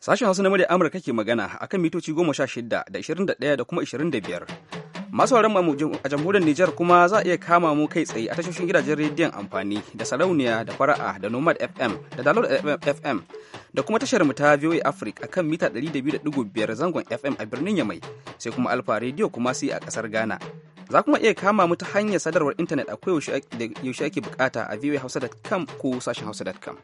Sashen Hausa na murya Amurka ke magana a kan mitoci goma sha shida da ishirin da ɗaya da kuma ishirin da biyar. Masu mu a jamhuriyar Nijar kuma za a iya kama mu kai tsaye a tashoshin gidajen rediyon amfani da sarauniya da fara'a da nomad FM da dalol FM da kuma tashar mu ta VOA Africa kan mita 200.5 zangon FM a birnin Yamai sai kuma Alfa rediyo kuma sai a kasar Ghana. Za kuma iya kama mu ta hanyar sadarwar intanet a yaushe ake bukata a voahausa.com ko sashen hausa.com.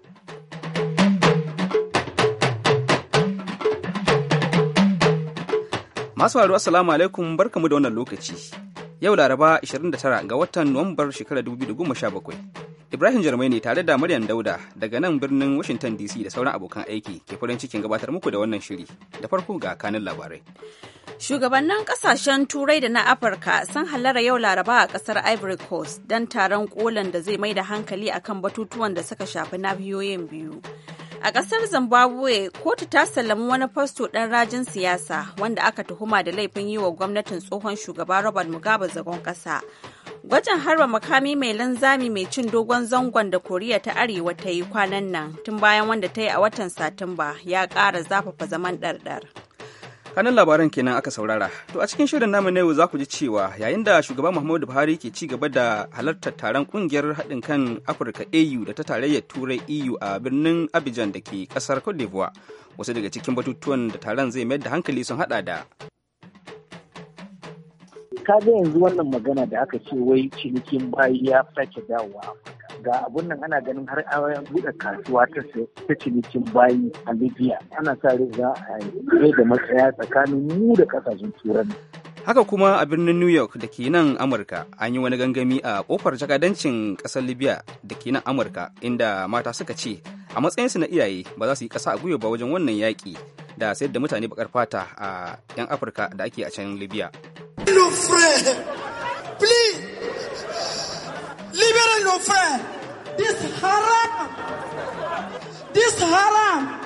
Masu haru assalamu alaikum barkamu da wannan lokaci. yau laraba 29 ga watan nuwambar shekarar 2017 ibrahim jarmai ne tare da maryam dauda daga nan birnin washington dc da sauran abokan aiki ke farin cikin gabatar muku da wannan shiri da farko ga kanin labarai shugabannin kasashen turai da na afirka sun halara yau laraba a kasar ivory coast don taron kolan da zai mai da hankali akan batutuwan da suka shafi nahiyoyin biyu A ƙasar Zimbabwe, kotu ta sallami wani fasto ɗan rajin siyasa wanda aka tuhuma da laifin yi wa gwamnatin tsohon shugaba Robert Mugabe zagon ƙasa. Gwajin harba makami mai linzami mai cin dogon zangon da Koriya ta Arewa ta yi kwanan nan tun bayan wanda ta yi a watan Satumba ya ƙara zafafa zaman ɗarɗar. kanan labaran kenan aka saurara to a cikin shirin namu na yau za ku ji cewa yayin da shugaban muhammadu buhari ke ci gaba da halartar taron kungiyar haɗin kan afirka au da ta tarayyar turai eu a birnin abidjan da ke ƙasar cote d'ivoire wasu daga cikin batutuwan da taron zai mayar da hankali sun haɗa da ka ga yanzu wannan magana da aka ce wai cinikin bayi ya sake dawowa ga abun nan ana ganin har an buɗe kasuwa ta ta cinikin bayi a libya ana sa za a da matsaya tsakanin mu da kasashen turai haka kuma a birnin new york da ke nan amurka an yi wani gangami a kofar jakadancin ƙasar libya da ke nan amurka inda mata suka ce a matsayinsu na iyaye ba za su yi ƙasa a gwiwa ba wajen wannan yaƙi da sayar da mutane bakar fata a 'yan afirka da ake a can libya Nos frères, please, libérez nos frères. This haram, this haram,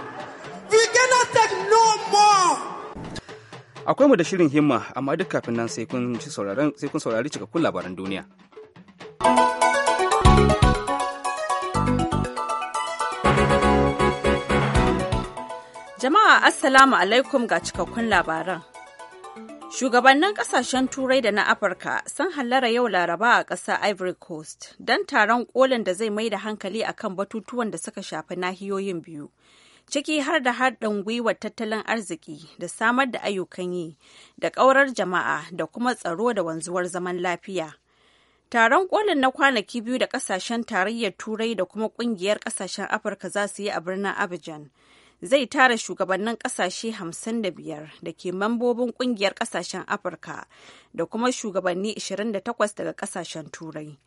we cannot take no more. Akwai mu da shirin himma, amma duk kafin nan sai kun saurari cikakkun labaran duniya. Jama'a Assalamu alaikum ga cikakkun labaran. Shugabannin kasashen Turai da na Afirka sun hallara yau Laraba a ƙasar Ivory Coast don taron kolin da zai mai da hankali a kan batutuwan da suka shafi nahiyoyin biyu. Ciki har da haɗin gwiwar tattalin arziki da samar da ayyukan yi da ƙaurar jama'a da kuma tsaro da wanzuwar zaman lafiya. Taron kolin na kwanaki biyu da ƙasashen tarayyar Turai da kuma ƙungiyar ƙasashen Afirka za su yi a birnin Abidjan. zai tara shugabannin kasashe 55 da ke mambobin kungiyar kasashen afirka da kuma shugabanni 28 daga kasashen turai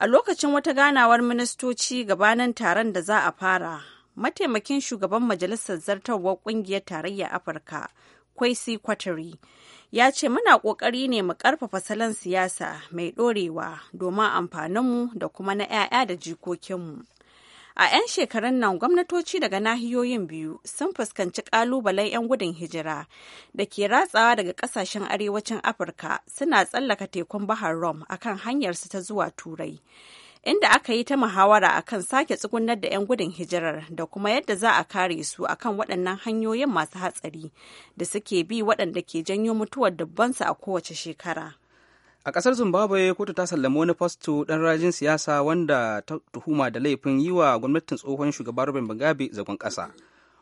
a lokacin wata ganawar ministoci gabanin taron da za a fara mataimakin shugaban majalisar zartarwar kungiyar tarayyar afirka kwaisi kwatari ya ce muna kokari ne mu karfafa salon siyasa mai dorewa domin amfaninmu da kuma na 'ya'ya da jikokinmu A 'yan shekarun nan gwamnatoci daga nahiyoyin biyu sun fuskanci ƙalubalen 'yan gudun hijira da ke ratsawa daga ƙasashen arewacin Afirka suna tsallaka tekun Bahar Rom akan hanyarsu ta zuwa Turai. Inda aka yi ta muhawara akan sake tsugunar da 'yan gudun hijirar da kuma yadda za a kare su akan waɗannan hanyoyin masu hatsari da suke bi waɗanda ke janyo mutuwar dubbansu a kowace shekara. a ƙasar zimbabwe kotu ta sallama wani fasto ɗan rajin siyasa wanda ta tuhuma da laifin yi wa gwamnatin tsohon shugaba robin mugabe zagon ƙasa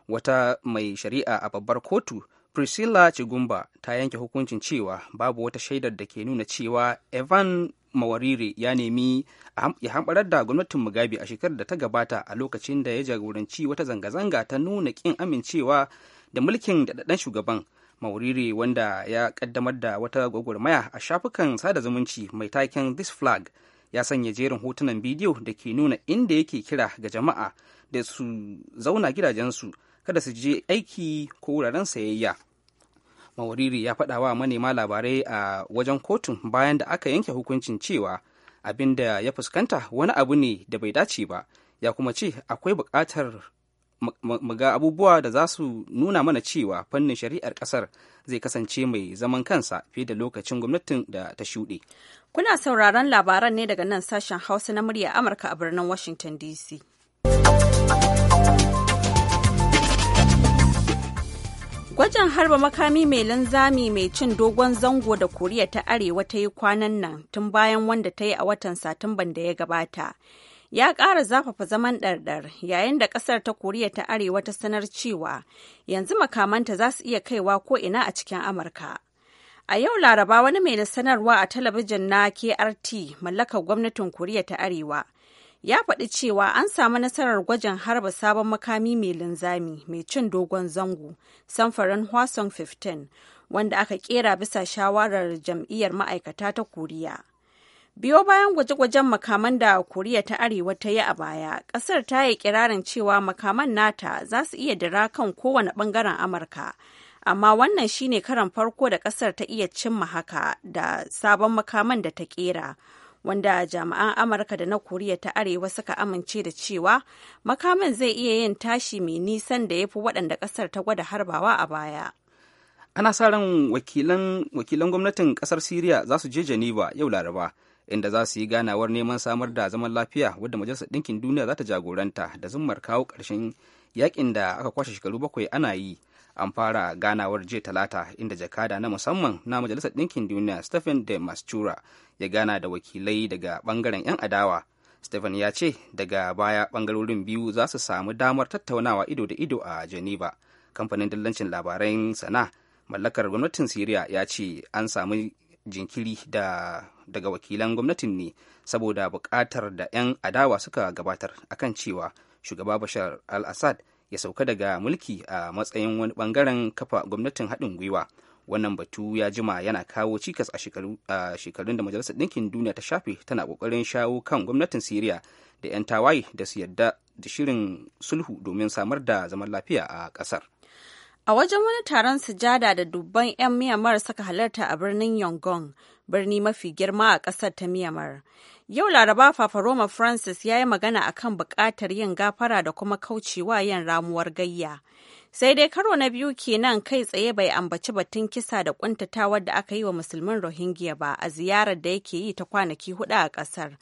wata mai shari'a a babbar kotu priscilla chigumba ta yanke hukuncin cewa babu wata shaidar da ke nuna cewa evan mawarire ya nemi ya hamɓarar da gwamnatin mugabe a shekarar da ta gabata a lokacin da ya jagoranci wata zanga-zanga ta nuna ƙin amincewa da mulkin da shugaban mauriri wanda ya kaddamar da wata gwagwarmaya a shafukan sada zumunci mai taken this flag ya sanya jerin hotunan bidiyo da ke nuna inda yake kira ga jama'a da su zauna gidajensu kada su je aiki ko wuraren sayayya mawariri ya faɗa wa manema labarai a wajen kotun bayan da aka yanke hukuncin cewa abin da ya fuskanta wani abu ne da bai dace ba ya kuma ce akwai buƙatar mu ga abubuwa da za su nuna mana cewa fannin shari'ar kasar zai kasance mai zaman kansa fiye da lokacin gwamnatin da ta shuɗe. Kuna sauraron labaran ne daga nan sashen Hausa na murya Amurka a birnin Washington DC. Gwajin harba makami mai linzami mai cin dogon zango da Koriya ta Arewa ta yi kwanan nan tun bayan wanda ta yi a watan Satumban da ya gabata. ya ƙara zafafa zaman ɗarɗar yayin da ƙasar ta koriya ta arewa ta sanar cewa yanzu makamanta za su iya kaiwa ko ina a cikin amurka a yau laraba wani mai sanarwa a talabijin na krt mallakar gwamnatin koriya ta arewa ya faɗi cewa an samu nasarar gwajin harba sabon makami mai linzami mai cin dogon zango samfarin hwasong 15 wanda aka kera bisa shawarar jam'iyyar ma'aikata ta koriya Biyo bayan gwaje-gwajen makaman da Koriya ta Arewa ta yi a baya, ƙasar ta yi kirarin cewa makaman nata za su iya dira kan kowane ɓangaren Amurka. Amma wannan shi ne karan farko da ƙasar ta iya cimma haka da sabon makaman da ta ƙera. Wanda jami'an Amurka da na Koriya ta Arewa suka amince da cewa makaman zai iya yin tashi mai nisan da ya fi waɗanda ƙasar ta gwada harbawa a baya. Ana sa ran wakilan gwamnatin ƙasar Siriya za su je Geneva yau Laraba. inda za su yi ganawar neman samar da zaman lafiya wadda majalisar ɗinkin duniya za ta jagoranta da zummar kawo ƙarshen yakin da aka kwashe shekaru bakwai ana yi an fara ganawar jiya talata inda jakada na musamman na majalisar ɗinkin duniya stephen de mastura ya gana da wakilai daga bangaren 'yan adawa stephen ya ce daga baya bangarorin biyu za su samu damar tattaunawa ido da ido a geneva kamfanin dillancin labaran sana mallakar gwamnatin syria ya ce an samu jinkiri da daga wakilan gwamnatin ne saboda buƙatar da 'yan adawa suka gabatar akan cewa shugaba bashar al-assad ya sauka daga mulki a matsayin wani bangaren kafa gwamnatin haɗin gwiwa wannan batu ya jima yana kawo cikas a shekarun da majalisar ɗinkin duniya ta shafe tana ƙoƙarin shawo kan gwamnatin siriya da 'yan tawaye da su yarda da shirin sulhu domin samar da zaman lafiya a ƙasar. A wajen wani taron sujada da dubban 'yan Myanmar suka halarta a birnin Yangon, birni mafi girma a ƙasar ta Myanmar. Yau Laraba Fafaroma Francis ya yi magana a kan buƙatar yin gafara da kuma kaucewa yin ramuwar gayya. Sai dai karo na biyu kenan kai tsaye bai ambaci batun kisa da ƙuntatawar da aka yi wa musulmin Rohingya ba a ziyarar da yake yi ta kwanaki hudu a ƙasar.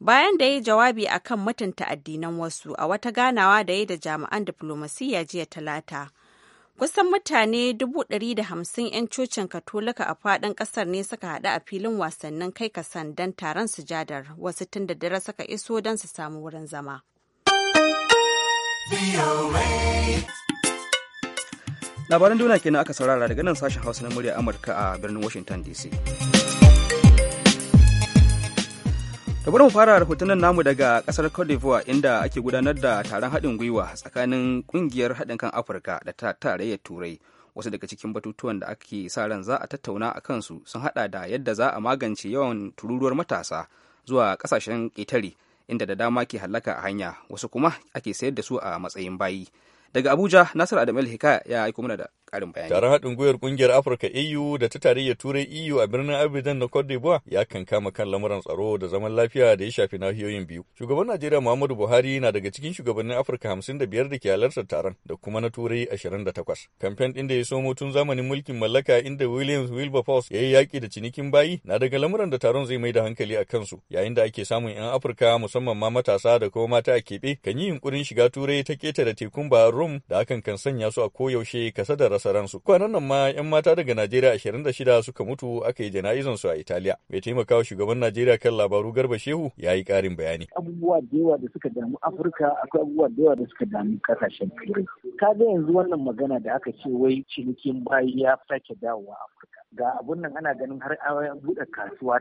bayan da ya yi jawabi a kan mutunta addinan wasu a wata ganawa da ya da jami'an diflomasiyya jiya talata Kusan mutane 150 'yan cocin Katolika a faɗin ƙasar ne suka haɗu a filin wasannin kai kasan don taron sujadar wasu tun da dare suka iso don su samu wurin zama. Labaran duniya kenan aka saurara daga nan sashen Hausa na murya Amurka a birnin Washington DC. da bari mu fara rahotannin namu daga kasar cote d'ivoire inda ake gudanar da taron haɗin gwiwa tsakanin ƙungiyar haɗin kan afirka da ta tarayyar turai wasu daga cikin batutuwan da ake sa ran za a tattauna a kansu sun haɗa da yadda za a magance yawan tururuwar matasa zuwa ƙasashen ƙetare inda da dama ke hallaka a hanya wasu kuma ake sayar da su a matsayin bayi daga abuja nasir adam el hikaya ya aiko mana da karin bayani. Taron haɗin gwiwar ƙungiyar Afirka EU da ta tarayyar Turai EU a birnin Abidjan na Cote d'Ivoire ya kan kama kan lamuran tsaro da zaman lafiya da ya shafi nahiyoyin biyu. Shugaban Najeriya Muhammadu Buhari na daga cikin shugabannin Afirka hamsin da biyar da ke halartar taron da kuma na Turai ashirin da takwas. Kamfen ɗin da ya so tun zamanin mulkin mallaka inda Williams Wilberforce ya yi yaƙi da cinikin bayi na daga lamuran da taron zai mai da hankali a kansu yayin da ake samun 'yan Afirka musamman ma matasa da kuma mata a keɓe kan yi yunƙurin shiga Turai ta ƙetare tekun ba Rum da hakan kan sanya su a koyaushe kasa da rasa rasa ransu. Kwanan nan ma 'yan mata daga Najeriya 26 suka mutu aka yi jana'izan su a Italiya. Mai taimakawa shugaban Najeriya kan labaru Garba Shehu ya yi ƙarin bayani. Abubuwa da yawa da suka damu Afirka akwai abubuwa da yawa da suka damu kasashen Turai. Ka ga yanzu wannan magana da aka ce wai cinikin bayi ya sake dawowa Afirka. ga abun nan ana ganin har a buɗe kasuwa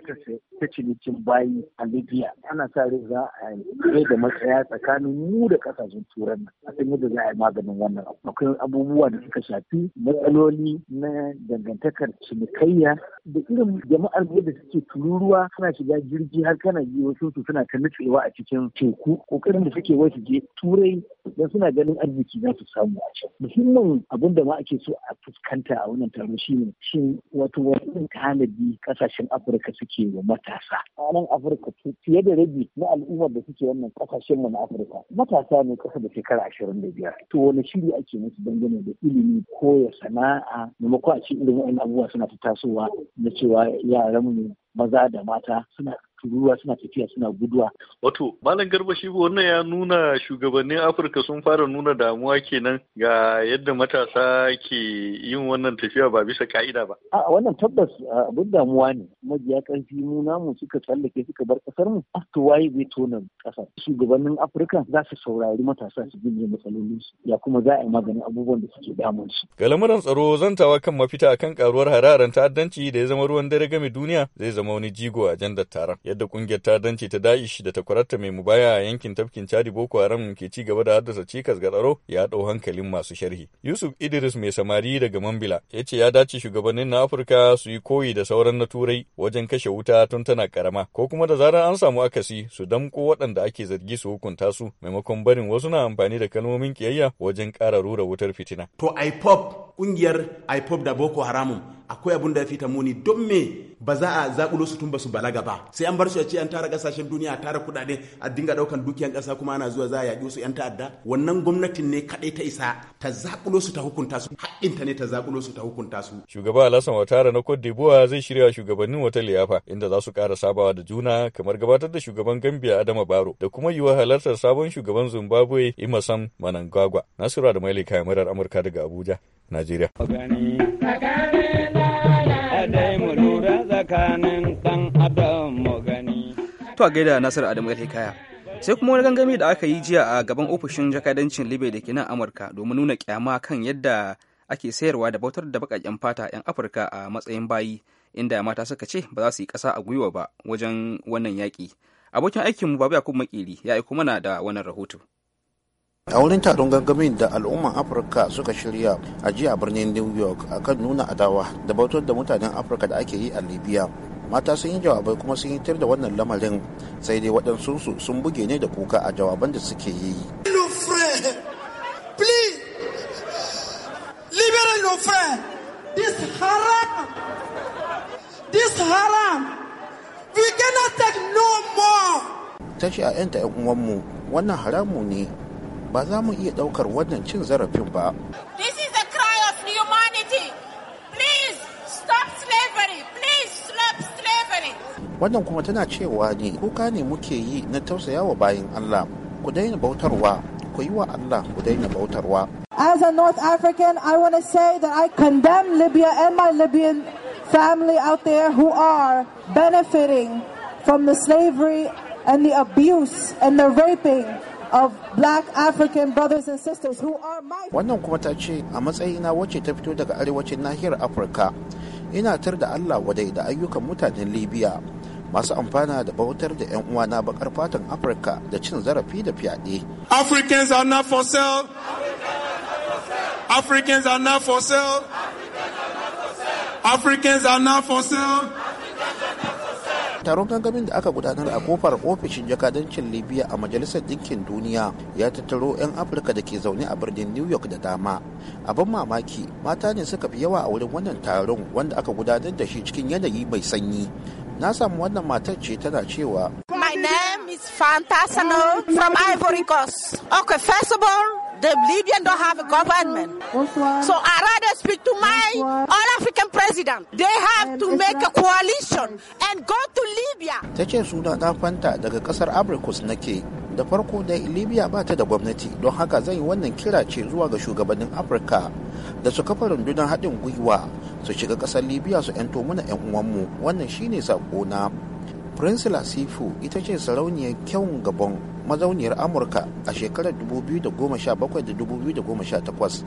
ta cinikin bayi a libya ana sa rai za a yi da matsaya tsakanin mu da kasashen turan nan a san yadda za a yi maganin wannan akwai abubuwa da suka shafi matsaloli na dangantakar cinikayya da irin jama'ar da suke tururuwa suna shiga jirgi har kana ji wasu su suna ta nutsewa a cikin teku kokarin da suke wasu je turai don suna ganin arziki za su samu a can muhimmin abin da ma ake so a fuskanta a wannan taro shine shin wato wani tanadi kasashen afirka suke wa matasa a nan afirka fiye da rabi na al'ummar da suke wannan kasashen mu na afirka matasa ne kasa da shekara ashirin da biyar to wani shiri ake musu dangane da ilimi ko ya sana'a maimakon a ce irin wa'in abubuwa suna ta tasowa na cewa yaran mu maza da mata suna ruwa suna tafiya suna guduwa. Wato Malam Garba shi wannan ya nuna shugabannin Afirka sun fara nuna damuwa kenan ga yadda matasa ke yin wannan tafiya ba bisa ka'ida ba. A wannan tabbas abin damuwa ne majiya ƙarfi mu namu suka tsallake suka bar ƙasar mu ah, to waye zai tona ƙasar. Shugabannin Afirka za su saurari matasa su matsalolin su. ya kuma za a yi maganin abubuwan da suke damun su. Ga lamuran tsaro zantawa kan mafita akan ƙaruwar hararan ta'addanci da ya zama ruwan dare game duniya zai zama wani jigo a jandar taron. yadda kungiyar ta dance ta da'ish da ta kwararta mai mubaya a yankin tafkin Chadi Boko Haram ke ci gaba da haddasa cikas ga tsaro ya dau hankalin masu sharhi. Yusuf Idris mai samari daga Mambila ya ce ya dace shugabannin na Afirka su yi koyi da sauran na Turai wajen kashe wuta tun tana karama ko kuma da zarar an samu akasi su damko waɗanda ake zargi su hukunta su maimakon barin wasu na amfani da kalmomin kiyayya wajen ƙara rura wutar fitina. To IPOP kungiyar IPOP da Boko haramun. akwai abun da ya fita muni don me ba za a zaɓulo su tun ba su balaga ba sai an bar su a ce an tara ƙasashen duniya a tara kuɗaɗe a dinga ɗaukan dukiyan ƙasa kuma ana zuwa za a yaƙi su yan ta'adda wannan gwamnatin ne kaɗai ta isa ta zaɓulo su ta hukunta su haƙƙinta ne ta zaɓulo su ta hukunta su shugaba Alasan Watara na Cote d'Ivoire zai shirya shugabannin wata liyafa inda za su ƙara sabawa da juna kamar gabatar da shugaban Gambia Adama Baro da kuma yiwa halartar sabon shugaban Zimbabwe imasan Manangagwa Nasiru da Maili kayan murar Amurka daga Abuja najeriya to a gaida nasiru adamu kaya sai kuma wani gangami da aka yi jiya a gaban ofishin jakadancin libya da ke nan amurka domin nuna kyama kan yadda ake sayarwa da bautar da baƙaƙen fata 'yan afirka a matsayin bayi inda mata suka ce ba za su yi ƙasa a gwiwa ba wajen wannan yaƙi abokin aikinmu babu yakubu makili ya aiko mana da wannan rahoto a wurin taron gangamin da al'umman afirka suka shirya a jiya a birnin new york akan nuna adawa da bautar da mutanen afirka da ake yi a libya mata sun yi jawabai kuma sun yitar da wannan lamarin sai dai waɗansu sun buge ne da kuka a jawaban da suke yi This Ta ce a 'yan ta 'yan uwanmu, wannan haramu ne ba za mu iya ɗaukar wannan cin zarafin ba. This is a cry of humanity. Please stop slavery. Please stop slavery. Wannan kuma tana cewa ne kuka ne muke yi na tausayawa bayan Allah. Ku daina bautarwa, ku yi wa Allah ku daina bautarwa. As a North African, I want to say that I condemn Libya and my Libyan family out there who are benefiting from the slavery and the abuse and the raping of black African brothers and sisters who are my Wannan kuma ta ce a matsayi na wacce ta fito daga arewacin nahiyar Afirka ina tar da Allah wadai da ayyukan mutanen Libya masu amfana da bautar da 'yan uwana bakar fatan Afirka da cin zarafi da fyaɗe. Africans are not for sale. Africans are not for sale. Africans are not for sale. taron gangamin da aka gudanar a kofar ofishin jakadancin libya a majalisar ɗinkin duniya ya tattaro 'yan afirka da ke zaune a birnin new york da dama abin mamaki mata ne suka fi yawa a wurin wannan taron wanda aka gudanar da shi cikin yanayi mai sanyi na samu wannan matar ce tana cewa my is fantasano from ivory The Libyan don't have a government. So I rather speak to my all African president. They have to make a coalition and go to Libya. Ta ce suna dan fanta daga kasar Abrikos nake. Da farko dai Libya ba ta da gwamnati don haka zan yi wannan kira ce zuwa ga shugabannin Afirka da su kafa rundunar haɗin gwiwa su shiga ƙasar Libya su 'yanto mana 'yan uwanmu wannan shine na. prince lasifu ita ce sarauniyar kyawun gabon mazauniyar amurka a shekarar 2017 2018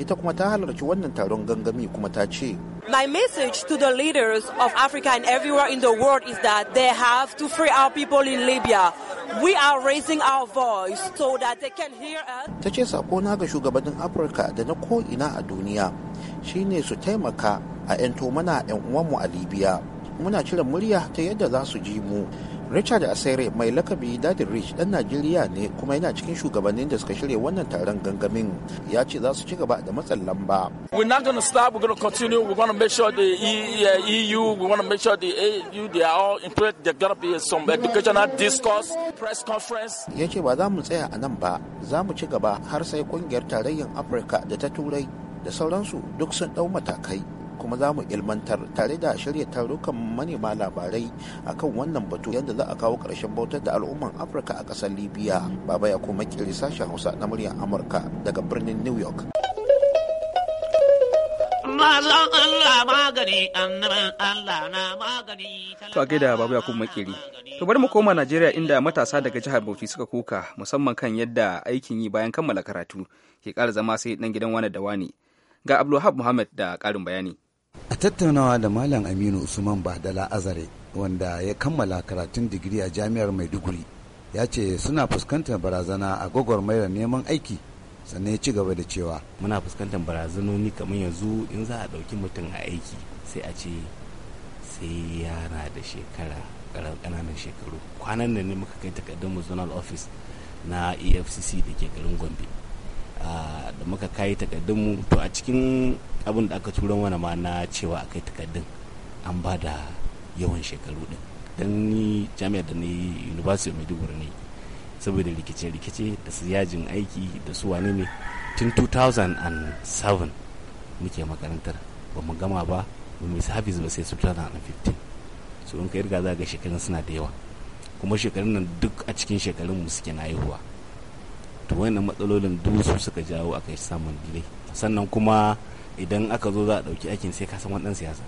ita kuma ta halarci wannan taron gangami kuma ta ce My message to the leaders of Africa and everywhere in the world is that they have to free our people in Libya. We are raising our voice so that they can hear us. Ta ce na ga shugabannin Afirka da na ko'ina a duniya shine su taimaka a 'yan mana 'yan uwanmu a Libya. muna cire murya ta yadda za su ji mu richard asere mai lakabi dadin rich dan najeriya ne kuma yana cikin shugabannin da suka shirya wannan taron gangamin ya ce za su ci gaba da matsan lamba we're not going to stop we're going to continue we're going to make sure the eu uh, e we're going to make sure the eu they are all included there's going to be some educational discourse press conference ya ce ba za mu tsaya a nan ba za mu ci gaba har sai kungiyar tarayyar afirka da ta turai da sauransu duk sun dau matakai kuma za mu ilmantar tare da shirya tarukan manema labarai akan wannan batu yadda za a kawo ƙarshen bautar da al'umman afirka a ƙasar libya baba ya kuma kiri sashen hausa na muryar amurka daga birnin new york Allah To a gaida babu Yakubu makiri. To bari mu koma Najeriya inda matasa daga jihar Bauchi suka kuka musamman kan yadda aikin yi bayan kammala karatu ke ƙara zama sai dan gidan wani da wani. Ga Abdulhab Muhammad da karin bayani. A tattaunawa da Malam Aminu Usman Badala Azare wanda ya kammala karatun digiri a jami'ar Maiduguri ya ce suna fuskantar barazana a gwagwarmayar neman aiki sannan ya ci gaba da cewa muna fuskantar barazanoni kamar yanzu in za a ɗauki mutum a aiki sai a ce sai yara da shekara ƙananan shekaru kwanan nan ne muka kai takardun zonal office na efcc da ke garin gombe ah, da muka kai takardunmu to a cikin abin da aka turo mana ma na cewa a kai takardun an ba da yawan shekaru din dan ni jami'ar da ni university mai maiduguri ne saboda rikice-rikice da su yajin aiki da su wane ne tun 2007 muke makarantar ba mu gama ba ba mai sabis ba sai 2015 so in ka irga za ga shekarun suna da yawa kuma shekarun nan duk a cikin shekarun mu suke na haihuwa to wannan matsalolin duk su suka jawo aka kai samun delay sannan kuma idan aka zo za a ɗauki aikin sai ka san wani siyasa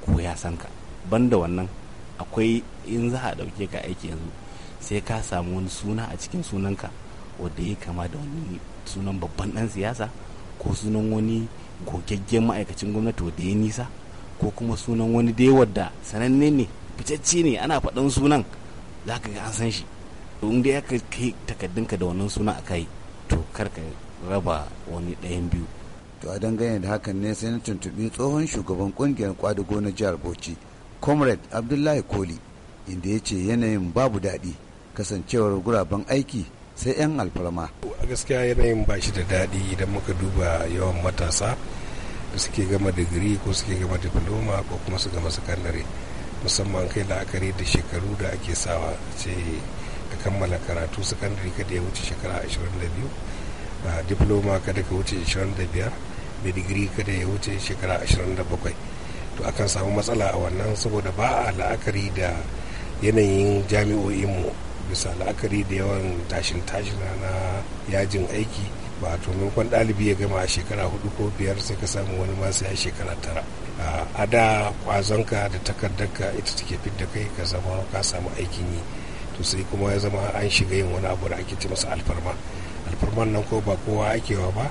ko ya san ka banda wannan akwai in za a ɗauke ka aiki yanzu sai ka samu wani suna a cikin sunanka wanda ya kama da wani sunan babban ɗan siyasa ko sunan wani gogaggen ma'aikacin gwamnati wanda ya nisa ko kuma sunan wani dai wadda sananne ne fitacce ne ana faɗan sunan za ka ga an san shi in dai aka kai takaddunka da wannan suna a kai to kar ka raba wani ɗayan biyu to a dangane da hakan ne sai na tuntubi tsohon shugaban kungiyar kwadugo na jihar bauchi comrade abdullahi koli inda ya ce yanayin babu daɗi kasancewar guraben aiki sai 'yan alfarma a gaskiya yanayin ba shi da daɗi idan muka duba yawan matasa da suke gama digiri ko suke gama diploma ko kuma su gama sakandare musamman kai la'akari da shekaru da ake sawa ce ka kammala karatu sakandare kada ya wuce shekara 22 diploma kada ka wuce 25 mai digiri kada ya wuce shekara 27 to akan samu matsala a wannan saboda ba a la'akari da yanayin jami'o'inmu bisa la'akari da yawan tashin tashin na yajin aiki ba to maimakon ɗalibi ya gama a shekara hudu ko biyar sai ka samu wani masu ya shekara tara a da kwazonka da takardarka ita take fidda kai ka zama ka samu aikin yi to sai kuma ya zama an shiga yin wani abu da ake ce masa alfarma alfarman nan ko ba kowa akewa ba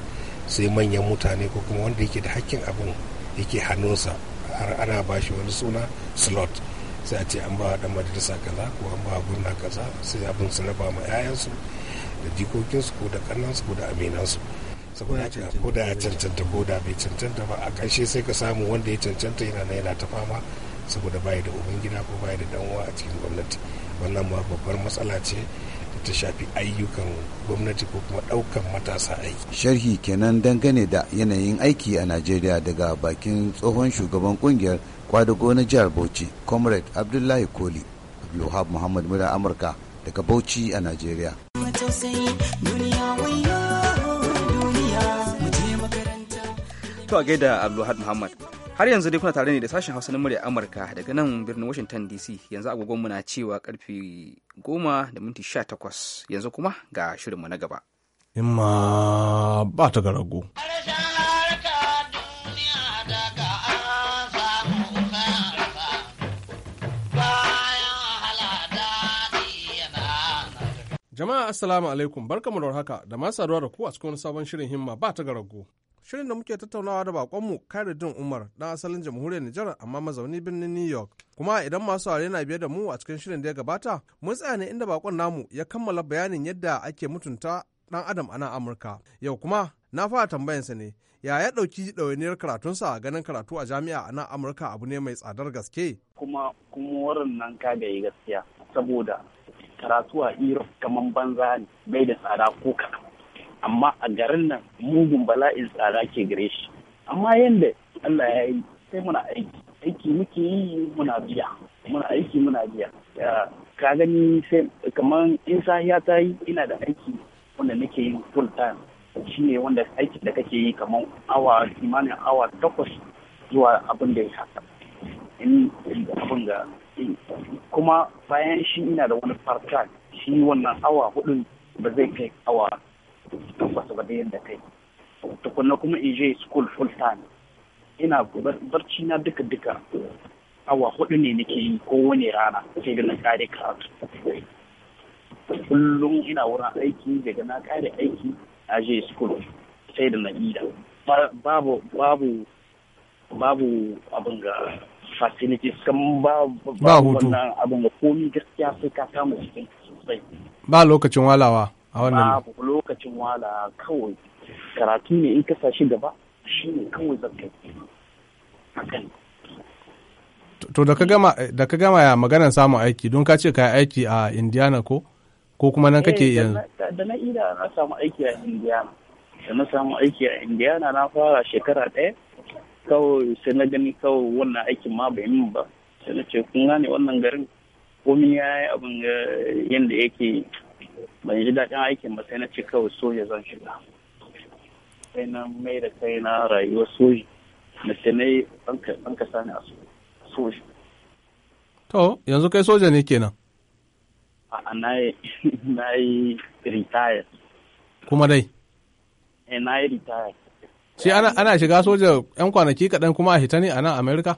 sai manyan mutane ko kuma wanda yake da hakkin abin yake hannunsa har ana ba shi wani suna slot sai a ce an ba dan majalisa kaza ko an ba gwamna kaza sai abin su raba ma 'ya'yansu da jikokinsu ko da kannansu ko da aminansu saboda ko da ya cancanta ko da bai cancanta ba a ƙarshe sai ka samu wanda ya cancanta yana na yana ta fama saboda bai da ubangida ko bai da danwa a cikin gwamnati wannan ma babbar matsala ce ta shafi ayyukan gwamnati ko kuma ɗaukan matasa aiki. Sharhi kenan dangane da yanayin aiki a Najeriya daga bakin tsohon shugaban kungiyar kwadago na jihar Bauchi, Comrade Abdullahi Koli, Abdulhab Muhammad Mura Amurka daga Bauchi a Najeriya. To a gaida Abdulhab Muhammad. har yanzu dai kuna tare ne da sashen hausa na murya amurka daga nan birnin washington dc yanzu agogonmu na cewa karfe goma da minti sha takwas yanzu kuma ga shirinmu na gaba imma ba ta garago jama'a assalamu alaikum barkamu da haka da masu saduwa da ku a cikin sabon shirin himma ba ta garago shirin da muke tattaunawa da bakonmu din Umar dan asalin jamhuriyar Nijar amma mazauni birnin New York. Kuma idan masu aure na biye da mu a cikin shirin da ya gabata, mun tsaya ne inda bakon namu ya kammala bayanin yadda ake mutunta dan adam a nan Amurka. Yau kuma na fara tambayansa ne, ya ya ɗauki ɗawainiyar karatunsa a ganin karatu a jami'a a nan Amurka abu ne mai tsadar gaske. Kuma kuma wurin nan ka yi gaskiya saboda karatu a iro kaman banza ne bai da tsada ko kaɗan. amma a garin nan mugun bala'in tsara ke gare shi amma yadda Allah ya yi sai muna aiki aiki muke yi muna biya muna aiki muna biya ka gani sai kamar in sahiya ta yi ina da aiki wanda nake yi full time shi ne wanda aiki da kake yi kamar awa imanin awa takwas zuwa abin da ya haka in abin ga kuma bayan shi ina da wani part shi wannan awa hudun ba zai kai awa tabbas ba da yadda kai tukunna kuma in je school full time ina barci na duka duka awa hudu ne nake yi wani rana sai da na kare karatu kullum ina wurin aiki daga na kare aiki na je school sai da na ida babu babu babu abin ga facilities kan babu ba abin ga komi gaskiya sai ka samu cikin sosai ba lokacin walawa babu lokacin wala kawai karatu ne in kasa shi gaba shi ne kawai zarkai hakan to da ka gama da ka gama ya maganar samun aiki don ka ce ka yi aiki a Indiana ko ko kuma nan kake eh, yanzu da na ida na samu aiki a Indiana da na samu aiki a Indiana na fara shekara ɗaya kawai sai na gani kawai wannan aikin ma bai min ba sai na ce kun gane wannan garin komi ya yi abin yadda yake ban ji daɗin aikin ba sai na ce kawai soja zan shiga sai na mai da kai na rayuwar soji na ce na yi ɗan ka sani a soji to yanzu kai soja ne kenan a na yi retire kuma dai eh na yi retire shi ana shiga soja yan kwanaki kaɗan kuma a hita ne a nan amerika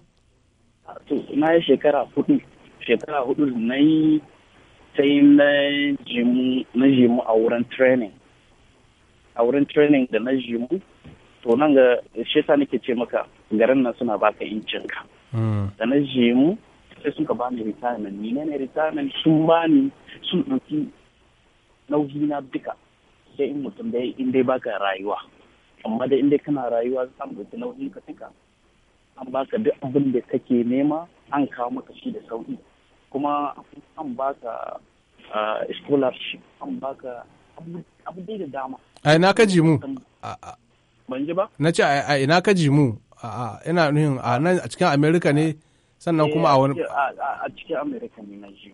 to na yi shekara hudu shekara hudu na yi sai na jimu a wurin training a wurin training da na jimu to nan ga shi sa nake ce maka garin nan suna baka incin ka hmm. da na jimu sai suka ba ni retirement ni ne retirement sun ba sun ɗauki nauyi na duka sai in mutum da in dai baka rayuwa amma da in dai kana rayuwa za mu ɗauki nauyin ka duka an baka duk abin da kake nema an kawo maka shi da sauki kuma an baka scholarship an baka abu da dama a ina ka ji mu ban ji ba na ce a ina ka ji mu ina nuhin a nan a cikin america ne sannan kuma a wani eh, a cikin america ne na ji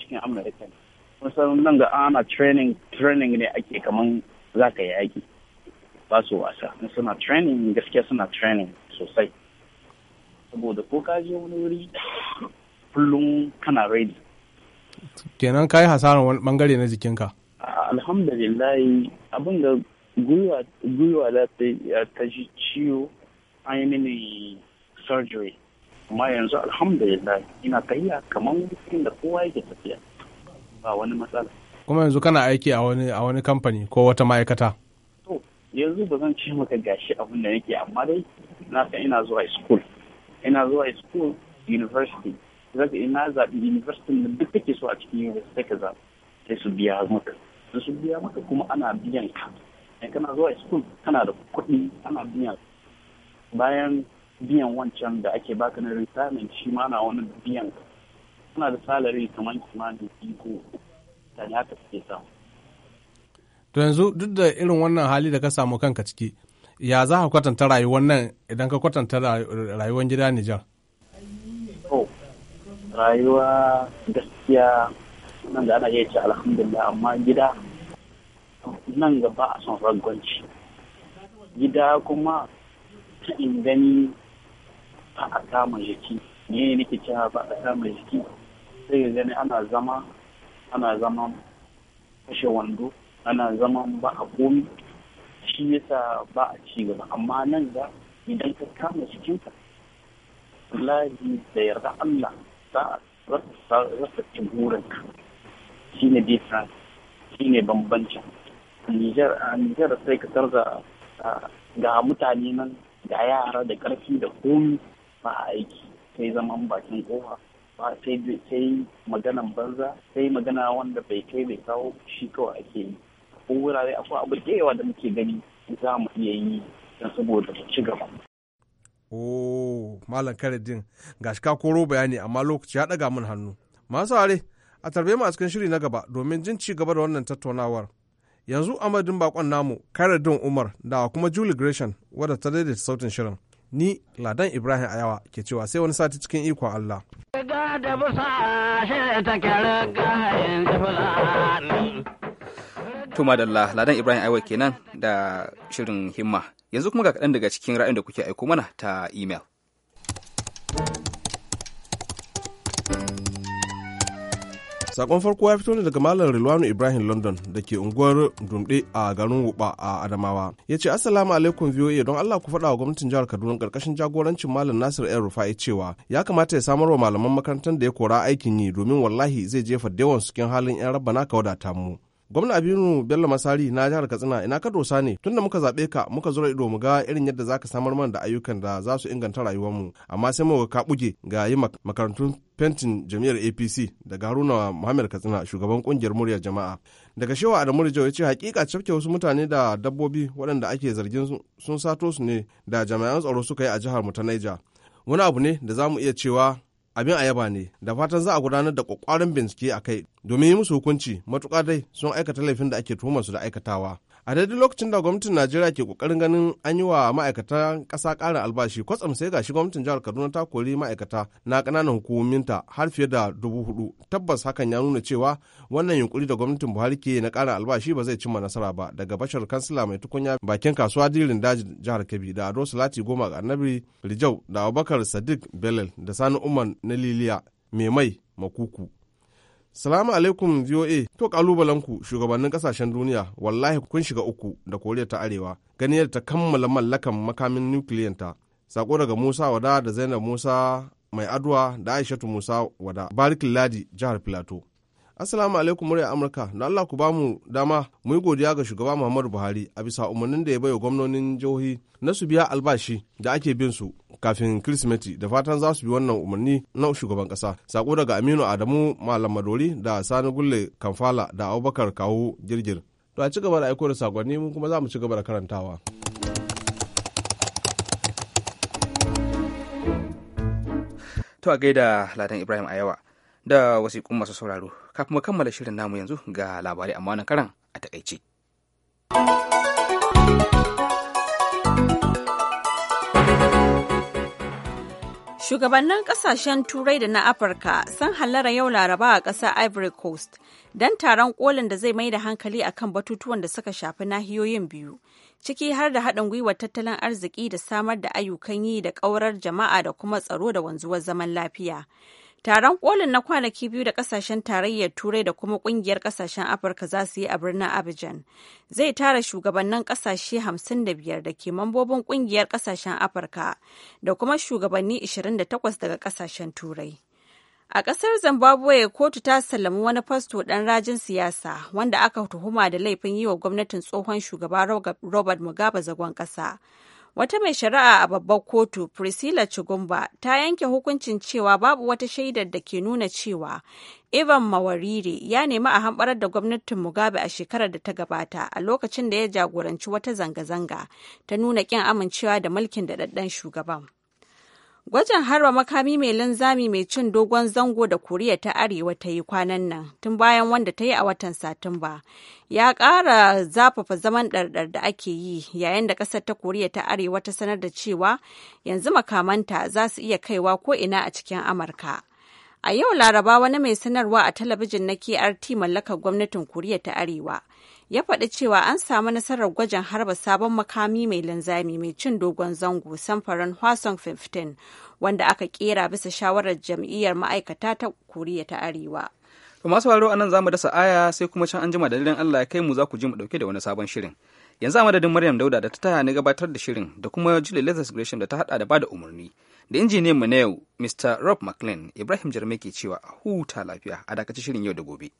cikin america ne kusan nan ga ana training training ne ake kaman za ka yi ba su wasa suna training gaskiya suna training sosai saboda ko ka je wani wuri kullum kana raini kenan ka yi hasarar wani bangare na jikinka alhamdulillah abin da gwiwa da ta ji ciwo an yi mini surgery amma yanzu alhamdulillah ina tafiya kamar wurin da kowa yake tafiya ba wani matsala kuma yanzu kana aiki a wani a wani kamfani ko wata ma'aikata to yanzu ba zan ce maka gashi abin da yake amma dai na san ina zuwa school ina zuwa school university ka ina zaɓi university da duk kake so a cikin university ka zaɓi sai su biya maka su biya maka kuma ana biyan ka in kana zuwa school kana da kuɗi ana biyan bayan biyan wancan da ake baka na retirement shi ma na wani biyan ka kana da salary kamar kimanin iko da ne haka kake samu to yanzu duk da irin wannan hali da ka samu kanka ciki ya za ka kwatanta rayuwar nan idan ka kwatanta rayuwar gida Nijar? rayuwa gaskiya nan da ana iya ci alhamdulillah amma gida nan gaba a son ragwanci gida kuma ta in gani ba a kama jiki ne ne nake cewa ba a kama jiki sai ga gani ana zama ana zama kashe wando ana zama ba a komi shi yasa ba a ci gaba amma nan ga idan ka kama jikinka lahi da yarda Allah za ka rasa cin shi ne shi ne bambancin a nijar sai ka tarza ga mutane nan ga yara da ƙarfi da komi ba aiki sai zaman bakin kowa ba sai sai maganan banza sai magana wanda bai kai bai kawo shi kawai ake yi ko wurare akwai abu da yawa da muke gani za mu iya yi don saboda ci gaba. Oh. mallam Malam Kareddin gashi ka koro bayani amma lokaci ya ɗaga min hannu. Masu are a tarbe mu a cikin shiri na gaba domin jin ci gaba da wannan tattaunawar. Yanzu amadin bakon namu karadin Umar da kuma Julie Gresham wadda ta daidaita sautin shirin. Ni Ladan Ibrahim Ayawa ke cewa sai wani sati cikin ikon Allah. Tuma da busa Ladan Ibrahim Aiwa kenan da shirin himma. Yanzu kuma ga kaɗan daga cikin ra'ayin da kuke aiko mana ta email. sakon farko ya fito ne daga malam rilwanu ibrahim london da ke unguwar dumde a garin wuba a adamawa ya ce assalamu alaikum voa don allah ku faɗa wa gwamnatin jihar kaduna karkashin jagorancin malam nasir El rufa'i cewa ya kamata ya samar wa malaman makarantar da ya kora aikin yi domin wallahi zai jefa da yawan cikin halin yan rabba naka wadata mu gwamna abinu bello masari na jihar katsina ina ka dosa ne tunda muka zaɓe ka muka zura ido mu ga irin yadda za ka samar mana da ayyukan da za su inganta rayuwarmu amma sai muka ka buge ga yi makarantun fentin jami'ar apc daga haruna muhammad katsina shugaban kungiyar muryar jama'a daga shewa adamu rijo ya ce hakika cafke wasu mutane da dabbobi waɗanda ake zargin sun sato su ne da jami'an tsaro suka yi a jihar mu ta naija wani abu ne da za mu iya cewa abin a yaba ne da fatan za a gudanar da kwakwaran bincike a kai domin yi musu hukunci matuƙa dai sun aikata laifin da ake tuhumar su da aikatawa a daidai lokacin da gwamnatin najeriya ke kokarin ganin an yi wa ma'aikatan kasa ƙarin albashi kwatsam sai gashi gwamnatin jihar kaduna ta kori ma'aikata na ƙananan hukuminta har fiye da dubu hudu tabbas hakan ya nuna cewa wannan yunkuri da gwamnatin buhari ke na karin albashi ba zai cimma nasara ba daga bashar kansila mai tukunya bakin kasuwa dirin dajin jihar kebbi da ado salati goma ga annabi rijau da abubakar sadiq belal da sani umar na liliya mai mai makuku Salamu alaikum VOA to ku shugabannin kasashen duniya wallahi kun shiga uku da Koriya ta Arewa gani yadda ta kammala mallakan makamin ta Sako daga Musa Wada da Zainab Musa mai aduwa da Aishatu Musa Wada Barikin Ladi jihar Filato. Assalamu alaikum murya Amurka, da Allah ku bamu dama mu yi godiya ga shugaba Muhammadu Buhari a bisa umarnin da ya baiwa gwamnonin jihohi na su biya albashi da ake bin su kafin Kirsimeti da fatan za su bi wannan umarni na shugaban kasa. Sako daga Aminu Adamu Malam Madori da Sani Gulle Kamfala da Abubakar Kawo Girgir. To a ci gaba da aiko da sakonni mun kuma za mu ci gaba da karantawa. To a gaida Ladan Ibrahim ayawa da wasiƙun masu sauraro kafin mu kammala shirin namu yanzu ga labarai amma wani karan a takaice. Shugabannin kasashen Turai da na Afirka sun halara yau Laraba a ƙasar Ivory Coast don taron kolin da zai mai da hankali akan batutuwan da suka shafi nahiyoyin biyu, ciki har da haɗin gwiwar tattalin arziki da samar da ayyukan yi da ƙaurar jama'a da kuma tsaro da wanzuwar zaman lafiya. Taron kolin na kwanaki biyu da kasashen tarayyar Turai da kuma kungiyar kasashen Afirka za su yi a birnin Abidjan. Zai tara shugabannin kasashe 55 da ke mambobin kungiyar kasashen Afirka da kuma shugabanni 28 daga kasashen Turai. A kasar Zimbabwe, kotu ta sallami wani fasto ɗan rajin siyasa wanda aka tuhuma da laifin yi wa gwamnatin tsohon shugaba Robert Mugabe zagon ƙasa. Wata mai shari'a a babbar kotu Priscilla Chigumba ta yanke hukuncin cewa babu wata shaidar da ke nuna cewa Ivan Mawarire ya nemi a hamɓarar da gwamnatin Mugabe a shekarar da ta gabata a lokacin da ya jagoranci wata zanga-zanga ta nuna ƙin amincewa da mulkin daɗaɗɗen shugaban. Gwajin harba makami mai linzami mai cin dogon zango da Koriya ta Arewa ta yi kwanan nan tun bayan wanda ta yi a watan Satumba ya ƙara zafafa zaman ɗarɗar da ake yi yayin da ƙasar ta Koriya ta Arewa ta sanar da cewa yanzu makamanta za su iya kaiwa ko ina a cikin Amurka. A yau Laraba wani mai sanarwa a talabijin na KRT mallakar gwamnatin Koriya ta Arewa ya faɗi cewa an samu nasarar gwajin harba sabon makami mai linzami mai cin dogon zango samfarin hwasong 15 wanda aka kera bisa shawarar jam'iyyar ma'aikata ta koriya ta arewa to masu waro anan zamu dasa aya sai kuma can an jima da Allah ya kai mu za ku ji mu dauke da wani sabon shirin yanzu a madadin Maryam Dauda da ta taya ni gabatar da shirin da kuma Julie Lazarus Gresham da ta hada da bada umarni da injiniyan mu na yau Mr. Rob McLean Ibrahim Jarme ke cewa huta lafiya a dakaci shirin yau da gobe